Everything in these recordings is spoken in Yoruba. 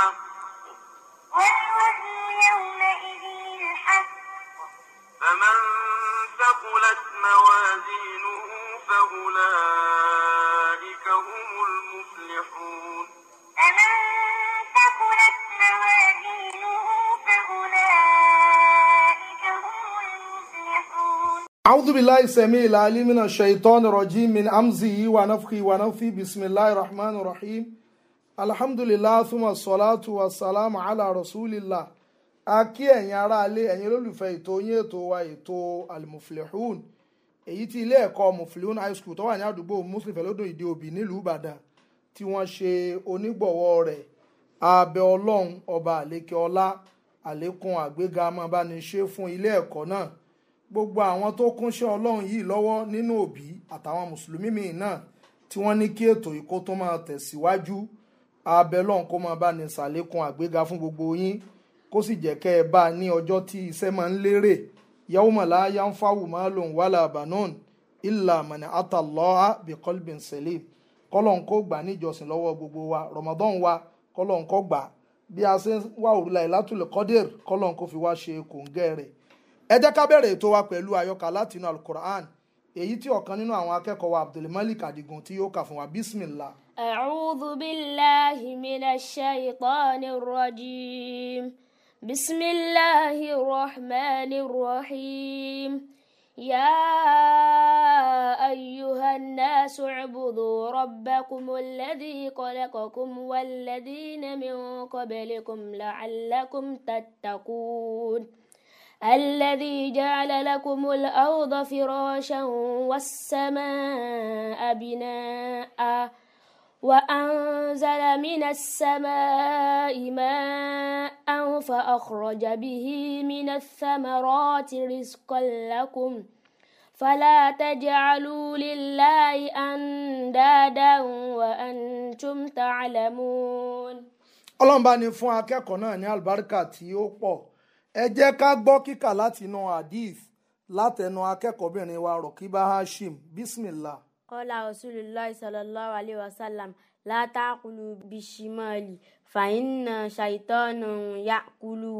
الحق والوزن يومئذ الحق فمن ثقلت موازينه فأولئك هم المفلحون فمن ثقلت موازينه فأولئك هم المفلحون أعوذ بالله السميع العليم من الشيطان الرجيم من أمزه ونفخه ونفثه بسم الله الرحمن الرحيم alhamdulilah thumma salatu wa salam ala rasulillah a kí ẹ̀yin aráalé ẹ̀yin olólùfẹ́ ètò yín ètò wa ètò almuflihun èyí tí ilé ẹ̀kọ́ muflihun high school tó wà ní àdúgbò muslim fẹ̀lódùn ìdí òbí nílùú ìbàdàn tí wọ́n ṣe onígbọ̀wọ́ rẹ̀ abẹ ọlọ́run ọba àlékè ọlá àlékún àgbéga amọ̀bániṣe fún ilé ẹ̀kọ́ náà gbogbo àwọn tó kúnṣẹ́ ọlọ́run yìí lọ́wọ́ nínú òbí àtàwọn mùsùlùmí míì tí wọ́n ní kí ètò ìkó máa tẹ̀síwájú si abẹ́lọ́n kó máa bá ní ṣàlékún àgbéga fún gbogbo yín kó sì jẹ́ kẹ́ ẹ bá a ní ọjọ́ tí iṣẹ́ máa ń lérè yawma la yanfa'u malun wala banun illa man ata Allaha bi qalbin salim kọ́lọ́n kó gbà níjọsìn lọ́wọ́ gbogbo wa Ramadan wa kọ́lọ́n kó gbà bí a ṣe ń wá òrùlà ìlàtúlẹ̀ kọ́dẹ̀r kọ́lọ́n kó fi wá ṣe kòǹgẹ́ rẹ̀ ẹ jẹ́ ká bẹ̀rẹ̀ ètò wa pẹ̀lú àyọkà látinú alukur'an èyí tí ọ̀kan nínú àwọn akẹ́kọ̀ọ́ wa abdulmalik adigun tí yóò kà fún wa bismillah. a'udhu billahi minash shaytanir rajim bismillahir rahmanir rahim ya ayyuhan nasu ubudu rabbakumul ladhi khalaqakum wal ladhina min qablikum la'allakum الذي جعل لكم الأرض فراشا والسماء بناء وأنزل من السماء ماء فأخرج به من الثمرات رزقا لكم فلا تجعلوا لله أندادا وأنتم تعلمون ọlọ́run bá ní fún akẹ́kọ̀ọ́ náà ní àlùbáríkà tí ó pọ̀ ẹ jẹ́ ká gbọ́ kíkà láti inú hadith látẹnu akẹ́kọ̀ọ́bìnrin wa rọ̀kíbá hashim bismillah. kọ́lá rasulillah sallallahu alayhi wa sallam látàkùlù bishimali fàyínà ṣàìtọ́nù yàkùlù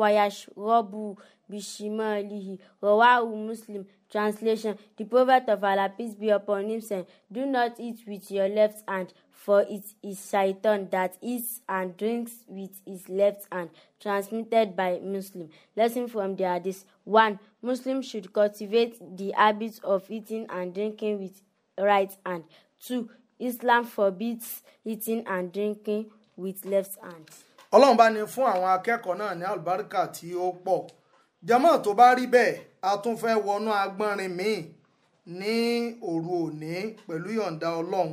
wàyàṣọ́bù bishimalihi rọ̀wáhù muslim Translation The Prophet of Allah, peace be upon him, said, Do not eat with your left hand, for it is Shaitan that eats and drinks with his left hand. Transmitted by Muslim. Lesson from the Hadith One, Muslims should cultivate the habit of eating and drinking with right hand. Two, Islam forbids eating and drinking with left hand. Ọlọ́run bá ní fún àwọn akẹ́kọ̀ọ́ náà ní àlùbáríkà tí ó pọ̀ jọmọ́ tó bá rí bẹ́ẹ̀ a tún fẹ́ wọnú agbọ́nrin míì ní òru òní pẹ̀lú yọ̀ǹda ọlọ́run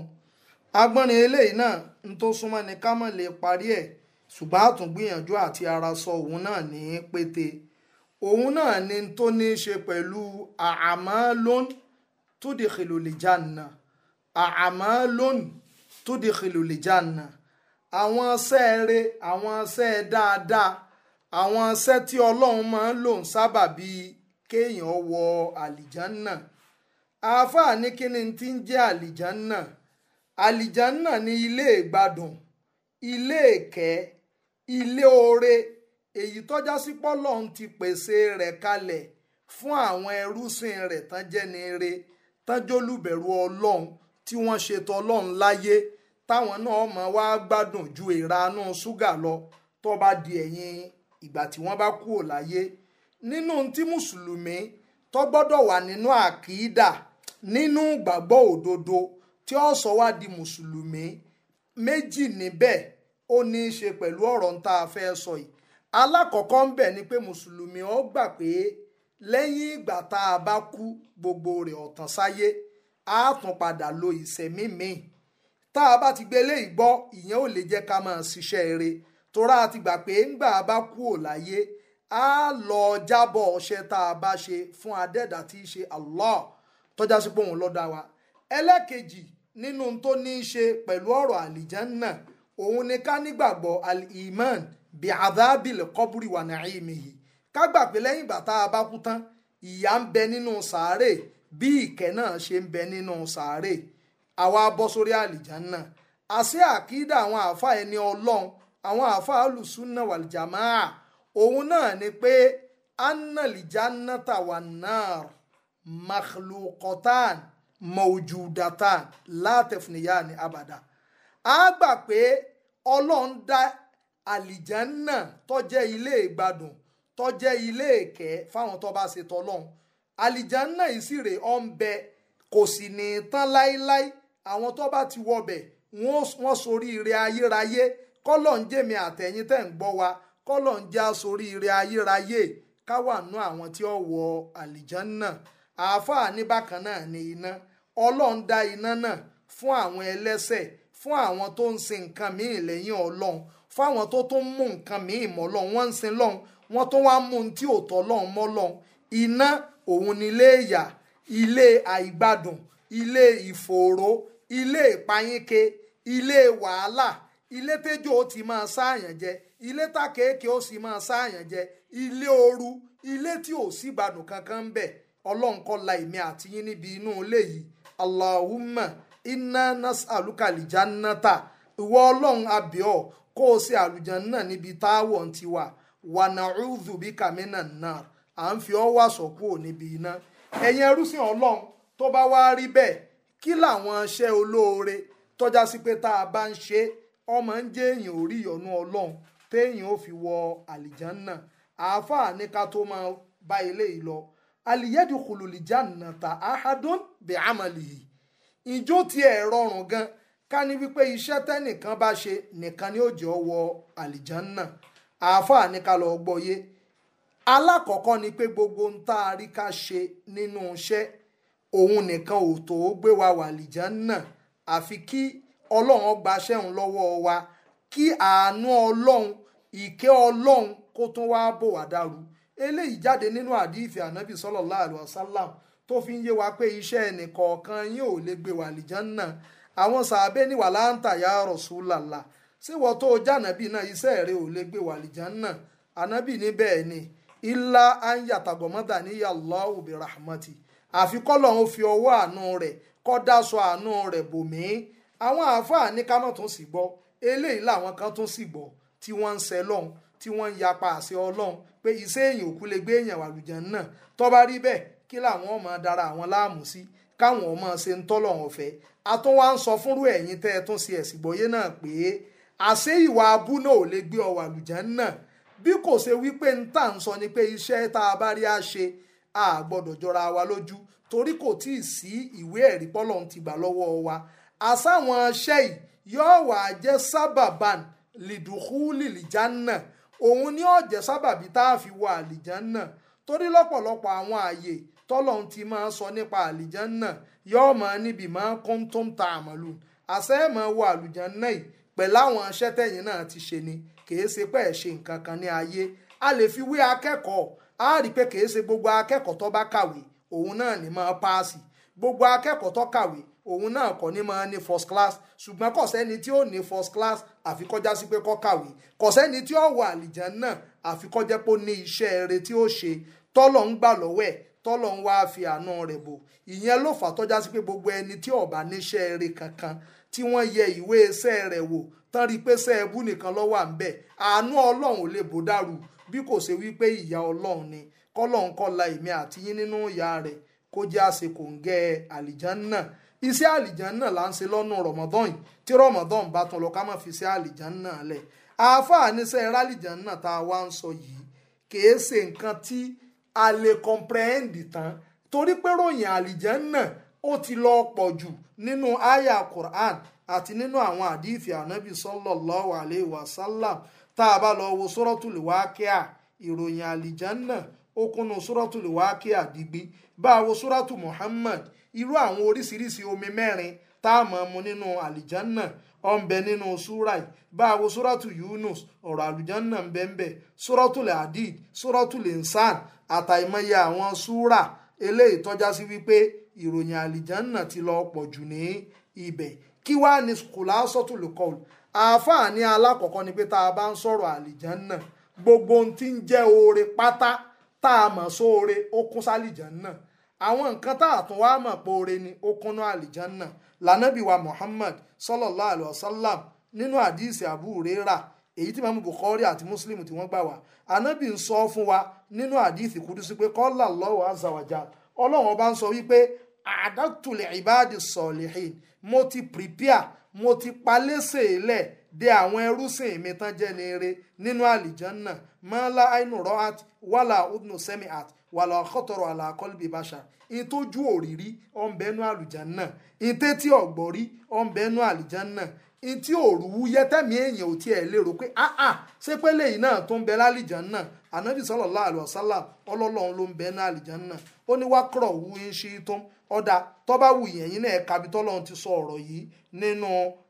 agbọ́nrin eléyìí náà ń tó súnmọ́ ni ká mọ̀ lè parí ẹ̀ ṣùgbọ́n a tún gbìyànjú àti ara sọ òun náà ní pété òun náà ni tó ní í ṣe pẹ̀lú a'malun tudkhilul janna a'malun tudkhilul janna àwọn sẹ́ẹ̀rẹ́ àwọn sẹ́ẹ̀ dáadáa àwọn iṣẹ́ tí ọlọ́run máa ń lò ń sábà bíi kéèyàn wọ àlìjánà àáfàá ní kíni tí ń jẹ́ àlìjánà àlìjánà ní ilé ìgbádùn ilé ìkẹ́ ilé oore èyí tọ́já sí pọ́lọ́run ti pèsè rẹ̀ kalẹ̀ fún àwọn ẹrúsìn rẹ̀ tán jẹ́ni re tán ọlọ́run tí wọ́n ṣètò ọlọ́run láyé táwọn náà mọ̀ wá gbádùn ju ìranú ṣúgà lọ tó bá di ẹ̀yìn ìgbà tí wọ́n bá kúrò láyé nínú tí mùsùlùmí tó gbọ́dọ̀ wà nínú àkìídà nínú ìgbàgbọ́ òdodo tí ó sọ wá di mùsùlùmí méjì níbẹ̀ ó ní í ṣe pẹ̀lú ọ̀rọ̀ tá a fẹ́ sọ yìí alákọ̀ọ́kọ́ ń bẹ̀ ni pé mùsùlùmí ó gbà pé lẹ́yìn ìgbà tá a bá kú gbogbo rẹ̀ ọ̀tàn sáyé á tún padà lo ìṣẹ̀mí míì tá a bá ti gbé eléyìí gbọ́ ìyẹn ò lè jẹ́ ká máa ṣiṣẹ́ rere torá a ti gbà pé ńgbà bá kú ò láyé á lọ jábọ̀ ọṣẹ́ tá a bá ṣe fún adẹ́dà tí í ṣe Allah tọ́já sí pé òun ló wa ẹlẹ́kejì nínú tó ní í ṣe pẹ̀lú ọ̀rọ̀ àlìjánná òun ni ká nígbàgbọ́ al-iman bi adhabil qabri wa na'imihi ká gbà pé lẹ́yìn ìgbà tá a bá kú tán ìyà ń bẹ nínú sàárè bí ìkẹ́ náà ṣe ń bẹ nínú sàárè àwa bọ́ sórí àlìjánná àṣẹ àkídà àwọn àáfàá ẹni ọlọ́run àwọn àáfàá alùsùnà wàlìjàmáà òun náà ni pé annalijanata wa nar makhlukotan mawjudatan látẹ̀fúnìyàní abada a gbà pé ọlọ́run dá àlìjánà tó jẹ́ ilé ìgbádùn tó jẹ́ ilé ìkẹ́ fáwọn tó bá ṣe tọ́lọ́run àlìjánà ìsìrè ọ̀nbẹ kò sì ní tán láéláé àwọn tó bá ti wọbẹ̀ wọ́n sorí ire ayérayé kọ́lọ̀ ń jèmi àtẹ̀yìn tẹ̀ ń gbọ́ wa kọ́lọ̀ ń já sórí ire ayérayé ká wà àwọn tí ó wọ àlìjánná àáfàá ní bákan náà ni iná ọlọ́run dá iná náà fún àwọn ẹlẹ́sẹ̀ fún àwọn tó ń sin nǹkan míì lẹ́yìn ọlọ́run fún àwọn tó tún mú nǹkan míì mọ́ lọ́run wọ́n ń sin lọ́run wọ́n tó wá mú un tí ò lọ́run mọ́ lọ́run iná òun nílé ìyà ilé àìgbádùn ilé ìfòòró ilé ìpayínke ilé wàhálà ilé tẹ́jọ́ o ti máa sáàyàn jẹ ilé tàkéèké ó sì máa sáàyàn jẹ ilé ooru ilé tí o sí ìgbádùn kankan ń bẹ ọlọ́run kó la èmi àti yín níbi inú ilé yìí allahumma inna nas'aluka aljannata ìwọ ọlọ́run abíọ́ kó o ṣe àlùjánnà níbi táwọ̀ ń ti wà wa na'udhu bika minan nar à ń fi ọ́ wà sọ́kù níbi iná ẹ̀yin ẹrúsìn ọlọ́run tó bá wá rí bẹ́ẹ̀ kí làwọn iṣẹ́ olóore tọ́já sí pé tá a bá ń ṣe é ọmọ ń jẹ́ èèyàn orí ìyọnú ọlọ́run téèyàn ò fi wọ àlìjánná àáfàá ní ká tó máa bá ilé lọ àlìyẹ́dì kùlùlìjánná ta ahadun bi amalihi ìjó ti ẹ̀ rọrùn gan ká ní wípé iṣẹ́ tẹ́nìkan bá ṣe nìkan ni ó jẹ́ ọ wọ àlìjánná àáfàá ní ká lọ gbọ́yé alákọ̀ọ́kọ́ ni pé gbogbo ń tá a rí ká ṣe nínú iṣẹ́ òun nìkan ò tó gbé wa wàlìjánná àfi kí ọlọ́run gbaṣẹ́ òun lọ́wọ́ wa kí àánú ọlọ́run ìkẹ́ ọlọ́run kó tún wá bò wá dàrú eléyìí jáde nínú àdífẹ́ ànábì sallallahu alaihi wasallam tó fi ń yé wa pé iṣẹ́ ẹnìkọ̀ọ̀kan yín ò lè gbé wà lìjánná àwọn sàábẹ́ ní wàláńtà ya Rasulullah síwọ́ tó jànàbí náà iṣẹ́ rẹ̀ ò lè gbé wà lìjánná ànábì ní bẹ́ẹ̀ ni ilá anyàtàgọ̀mọ́dà níyà Allahu bi rahmati àfikọ́lọ́hún fi ọwọ́ àánú rẹ̀ kọ́ dáṣọ àánú rẹ̀ bòmíín àwọn àáfàá ní ká má tún sì gbọ́ eléyìí làwọn kan tún sì gbọ́ tí wọ́n ń ṣe lọ́hùn tí wọ́n ń yapa àṣẹ ọlọ́hun pé iṣẹ́ èèyàn òkú lè gbé èèyàn wàlùjàn náà tó bá rí bẹ́ẹ̀ kí làwọn ọmọ dára àwọn láàmú sí káwọn ọmọ ṣe ń tọ́lọ̀ wọn fẹ́ atún wá ń sọ fúnrú ẹ̀yin tẹ́ ẹ tún ṣe ẹ̀sìgbọ́yé náà pé àṣẹ ìwà abú náà ò lè gbé ọ wàlùjàn náà bí kò ṣe wípé ń tà ń sọ ni pé iṣẹ́ tá a bá rí a ṣe a gbọ́dọ̀ jọra wa lójú torí kò tíì sí ìwé ẹ̀rí pọ́lọ́n àsáwọn iṣẹ́ yìí yóò wà jẹ́ sábàbàn lìdùkúlì lìjánà òun ni ó jẹ́ sábàbí tá a fi wọ àlìjánà torí lọ́pọ̀lọpọ̀ àwọn ààyè tọ́lọ́hún ti máa ń sọ nípa àlìjánà yóò máa níbi máa kún tó ń ta àmọ́lù àṣẹ máa wọ àlùjánà yìí pẹ̀lú àwọn iṣẹ́ tẹ̀yìn náà ti ṣe ni kìí ṣe pé ẹ̀ ṣe nǹkan kan ní ayé a lè fi wé akẹ́kọ̀ọ́ a rí i pé kìí ṣe gbogbo akẹ́kọ̀ọ́ tó bá kàwé òun náà ni máa paasi gbogbo akẹ́kọ̀ọ́ tó kàwé òun náà kò ní máa ní first class ṣùgbọ́n kò sẹ́ni tí ó ní first class àfi kó já sí pé kó kàwé kò sẹ́ni tí ó wà àlìjàn náà àfi kó jẹ́ pé ó ní iṣẹ́ eré tí ó ṣe tọ́lọ̀ ń gbà lọ́wọ́ ẹ̀ tọ́lọ̀ ń wá fi àánú rẹ̀ bò ìyẹn ló fà tó já sí pé gbogbo ẹni tí ó bá níṣẹ́ eré kankan tí wọ́n yẹ ìwé iṣẹ́ rẹ̀ wò tán rí i pé iṣẹ́ nìkan ló wà ń bẹ̀ àánú iṣẹ́ àlìjàn náà là ń ṣe lọ́nà rọ̀mọ́dán yìí tí rọ̀mọ́dán bá tún lọ ká má fi iṣẹ́ àlìjàn náà lẹ̀ àáfàá níṣẹ́ rálìjàn náà tá a wá ń sọ yìí kìí ṣe nǹkan tí a lè comprehend tán torí pé ròyìn àlìjàn náà ó ti lọ pọ̀ jù nínú àyà Quran àti nínú àwọn àdìfẹ́ ànábì sallallahu alaihi wasallam tá a bá lọ wo suratul waqia ìròyìn àlìjàn náà ó kúnnú súrọ́tù lè wá kí àdìgbì wo súrọ́tù Muhammad irú àwọn oríṣiríṣi omi mẹ́rin tá a máa mu nínú àlìjánà ọ̀nbẹ nínú súrà yìí bá wo súrọ́tù Yunus ọ̀rọ̀ àlìjánà ńbẹ́ńbẹ́ súrọ́tù lè Hadid súrọ́tù lè Insan àtàìmọye àwọn súrà eléyìí tọ́já sí wípé ìròyìn àlìjánà ti lọ pọ̀ jù ní ibẹ̀ kí wàá ní kùlá sọ́tù lè alákọ̀ọ́kọ́ ni pé tá a bá ń sọ̀rọ̀ àlìjánà gbogbo ohun tí ń jẹ́ oore pátá tá a mọ̀ sóore ó kún sálìjàn náà àwọn nǹkan tá a tún wá mọ̀ póore ni ó kúnú àlìjàn náà lànàbí wa Muhammad sallallahu alayhi wa sallam nínú àdìsí Abu Huraira èyí tí mamu Bukhari àti Muslim tí wọ́n gbà wá ànábì ń sọ fún wa nínú àdìsí kudusi pé qala Allahu azza wa jal ọlọ́run ọba ń sọ wípé àdàtúlẹ̀ ìbáàdì sọ̀lìhìn mo ti prepare mo ti palẹ́sẹ̀ lẹ̀ de àwọn ẹrúsìn mi tán jẹ́ ní eré nínú àlìjánná mọ́lá àìnú rọ́hát wàlà ọdún sẹ́mi àt wàlà ọ̀kọ́tọ̀rọ̀ àlà àkọ́lùbí bàṣà ìtọ́jú òrírí ọ̀nbẹ́nu àlìjánná ìtẹ́tí ọ̀gbọ́rí ọ̀nbẹ́nu àlìjánná ìtí òrùwú yẹtẹ́mi èèyàn ò tiẹ̀ lérò pé áà ṣé pé lẹ́yìn náà tó ń bẹ lálìjánná ànábì sallallahu alaihi wasallam ọlọ́lọ́run ló ń bẹ ní àlìjánná ó ní wákọ̀rọ̀ wú ń ṣe tó ń ọ̀dà tọ́ba wù náà ẹ̀ka bí tọ́lọ́run ti sọ ọ̀rọ̀ yìí nínú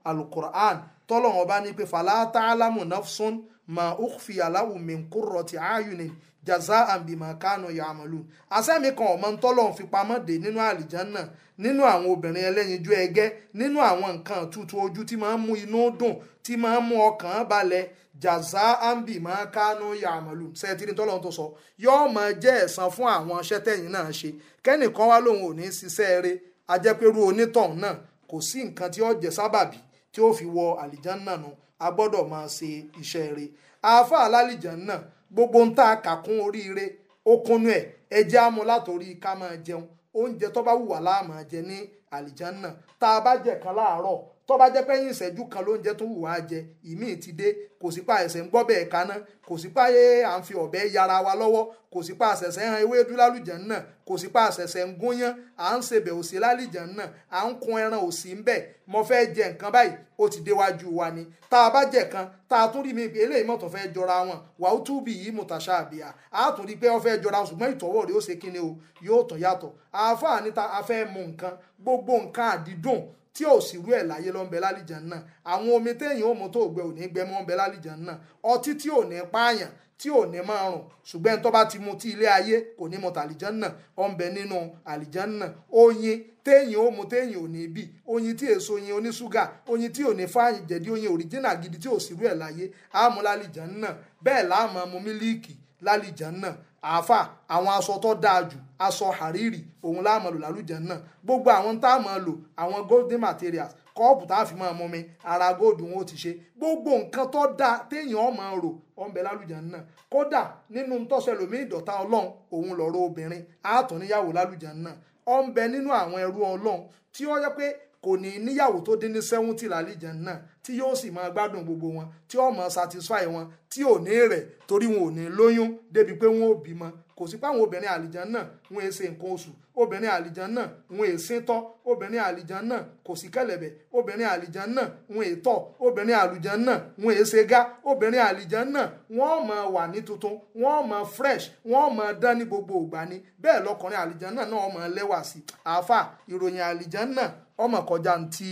alukur'an tọ́lọ́run ọba ní pé fàlà ta'lamu nafsun ma ukhfi alahu min qurrati ayunin jaza'an bima kanu ya'malun asẹ́mi kan ọ̀mọ́ ntọ́lọ́run fi pamọ́ dé nínú àlìjánná nínú àwọn obìnrin ẹlẹ́yinjú ẹgẹ́ nínú àwọn nǹkan tútù ojú tí máa ń mú inú dùn tí máa ń mú ọkàn balẹ̀ jaza'an bima kanu ya'malun sẹ́ẹ̀tìrì tọ́lọ́run tó sọ yóò máa jẹ́ ẹ̀san fún àwọn iṣẹ́ náà ṣe kẹ́nìkan tí ó fi wọ àlìjánná nu a gbọ́dọ̀ máa ṣe iṣẹ́ rẹ̀ àáfà alálìjánná gbogbo ń tà kàkún oríire ó kúnnú ẹ̀ ẹjẹ́ amú látòrí ká máa jẹun oúnjẹ tó bá wù wá láàmú jẹ ní àlìjánná tá a bá jẹ kan láàárọ̀ tó bá jẹ́ pé yín ìṣẹ́jú kan ló ń jẹ́ tó wù wá jẹ ìmíì ti dé kò sí pa ẹ̀sẹ̀ ń gbọ́ bẹ́ẹ̀ kaná kò sí pa ẹ̀ à ń fi ọ̀bẹ yára wa lọ́wọ́ kò sí pa àṣẹ̀ṣẹ̀ hàn ewé dúlálùjẹ̀ náà kò sí pa àṣẹ̀ṣẹ̀ ń gúnyán à ń sebẹ̀ òsì lálìjẹ̀ náà à ń kun ẹran òsì ń bẹ̀ mo fẹ́ jẹ nǹkan báyìí ó ti déwájú wa ni tá a bá jẹ kan tá a tún rí mi pé eléyìí mọ̀tọ̀ fẹ́ jọra wọn wàá tú bì yìí mùtàṣà àbíyá a tún rí pé wọ́n fẹ́ jọra ṣùgbọ́n ìtọ́wọ́ rẹ̀ ó ṣe kíni o yóò tún yàtọ̀ àáfàá níta a fẹ́ mú nǹkan gbogbo nǹkan àdídùn tí ò sì rú ẹ̀ láyé ló ń bẹ lálìjàn náà àwọn omi téèyàn ò mú tó gbẹ ò ní gbẹ mọ́ ń bẹ lálìjàn náà ọtí tí ò ní pààyàn tí ò ní máa rùn ṣùgbọ́n tó bá ti mu ti ilé ayé kò ní mu tàlìjàn náà ó nínú àlìjàn náà oyin téèyàn ó mu téèyàn ò ní bì oyin tí èso oyin oníṣúgà oyin tí ò ní fáyìn jẹ̀dí oyin òríjìnà gidi tí ò sì rú ẹ̀ láyé àmú lálìjàn náà bẹ́ẹ̀ láàmú mu mílíìkì lálìjàn náà àáfà àwọn aṣọ tó dáa jù aṣọ hàrírì òun láàmú lò náà gbogbo àwọn tá a máa lò àwọn golden materials kọ́ọ̀pù tá a fi máa mọmi ara góòdù wọn ò ti ṣe gbogbo nǹkan tó dáa téèyàn ọmọ rò ọ̀nbẹ lálùjẹ́ náà kódà nínú tọ́sẹ̀ ìdọ̀tá ọlọ́run òun lọ̀rọ̀ obìnrin àátọ̀ níyàwó lálùjẹ́ náà ọ̀nbẹ nínú àwọn ẹrú ọlọ́run tí ó yẹ pé kò ní níyàwó tó dín ní sẹ́wọ́ntì lálejò náà tí yóò sì máa gbádùn gbogbo wọn tí ó máa satisfy wọn tí ò ní rẹ̀ torí wọn ò ní lóyún débi pé wọn ò bímọ kò sí pé àwọn obìnrin àlìjàn náà wọn èsè nǹkan oṣù obìnrin àlìjàn náà wọn èsè tọ́ obìnrin àlìjàn náà kò sí kẹ̀lẹ̀bẹ̀ obìnrin àlìjàn náà wọn ètọ̀ obìnrin àlìjàn náà wọn èsè ga obìnrin àlìjàn náà wọn máa wà ní tuntun wọn máa fresh wọn máa dán ní gbogbo ìgbà ni bẹ́ẹ̀ lọkùnrin àlìjàn náà náà máa lẹ́wà sí àáfà ìròyìn àlìjàn náà ọmọ kọjá ntí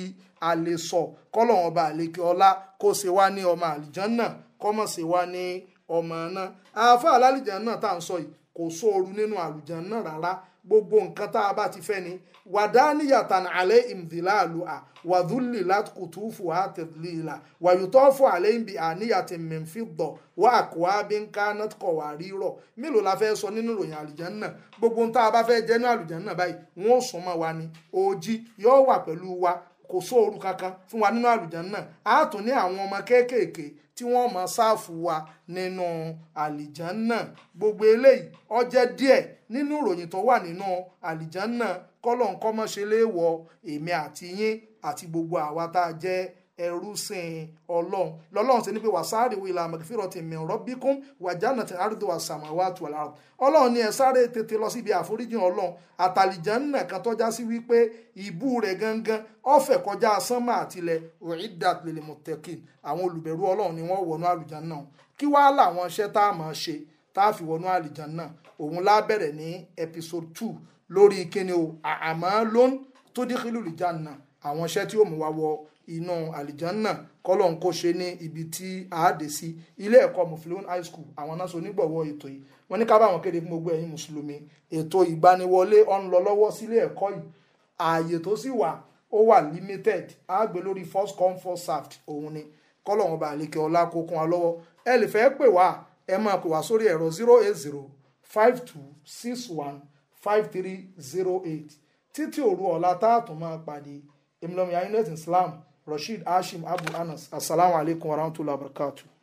alẹ sọ kọlọ́wọ́n ọba àlekè ọlá kó ṣe wá ní ọmọ àlìjàn náà kọ́mọ̀ ṣe wá ní ọmọ náà àáfà alálìjàn náà tá à ń sọ yìí kò sóoru nínú àlùjàn náà rárá gbogbo nǹkan tá a bá ti fẹ́ ni wàdánìyàtàn alẹ́ ìmdìláàlù à wàdúlì látùkùtùfù àtẹ̀lélà wàyùtọ́fù alẹ́ ìbí àníyàtì mẹ́fìdọ̀ wà àkùwá bí nǹka nọ́tìkọ̀wà rírọ̀ mélòó la fẹ́ sọ nínú ìròyìn àlùjàn náà gbogbo nǹkan tá a bá fẹ́ jẹ́ ní àlùjàn náà báyìí wọ́n ó sún wa ni òjì yóò wà pẹ̀lú wa kò sóoru kankan fún wa nínú àlùjánnà á tún ní àwọn ọmọ kéékèèké tí wọ́n mọ̀ sáàfù wa nínú àlùjánnà gbogbo eléyìí ó jẹ́ díẹ̀ nínú ìròyìn tó wà nínú àlùjánnà kọ́lọ̀ ń kọ́mọ́ṣe léèwọ̀ èmi àti yín àti gbogbo àwa tá a jẹ́ ẹ̀rú sẹ́yìn ọlọ́run lọ́lọ́run ṣe ní pé wàsáàrì wíìlà àmọ̀kìfìrọ̀tì mìíràn bíkún wàjánà tí àrídò àsàmàwá àtùwàlà ọlọ́run ni ẹ sáré tètè lọ síbi àforíjìn ọlọ́run àtàlìjánà kan tọ́já sí wípé ìbú rẹ̀ gangan ọ̀fẹ́ kọjá sánmà àtilẹ̀ ridat lil àwọn olùbẹ̀rù ọlọ́run ni wọ́n wọnú àlùjánà kí wàá làwọn iṣẹ́ tá a máa ṣe tá a fi wọnú àlùjánà òun la ní episode two lórí kíni o àmọ́ lón tó dín kílùlù jánà àwọn inú àlìjánná kọ́lọ̀ ń kó ṣe ní ibi tí àádé sí ilé ẹ̀kọ́ mufilon high school àwọn náà so onígbọ̀wọ́ ètò yìí wọ́n ní ká bá wọn kéde fún gbogbo ẹ̀yin mùsùlùmí ètò ìgbaniwọlé ọ̀n lọ lọ́wọ́ sílé ẹ̀kọ́ yìí ààyè tó sì wà ó wà limited àgbẹ̀ lórí first come first served òun ni kọ́lọ̀ wọn bá àlekè ọlá kó kún wa lọ́wọ́ ẹ lè fẹ́ pè wá ẹ máa pè wá sórí ẹ̀rọ zero eight zero five two six one five three zero eight títí òru ọ̀la táàtún máa pàdé èmi lọ́mọ islam rasheed hashim abu anas asalaamualeykum warahmatullahi wabarakatuh.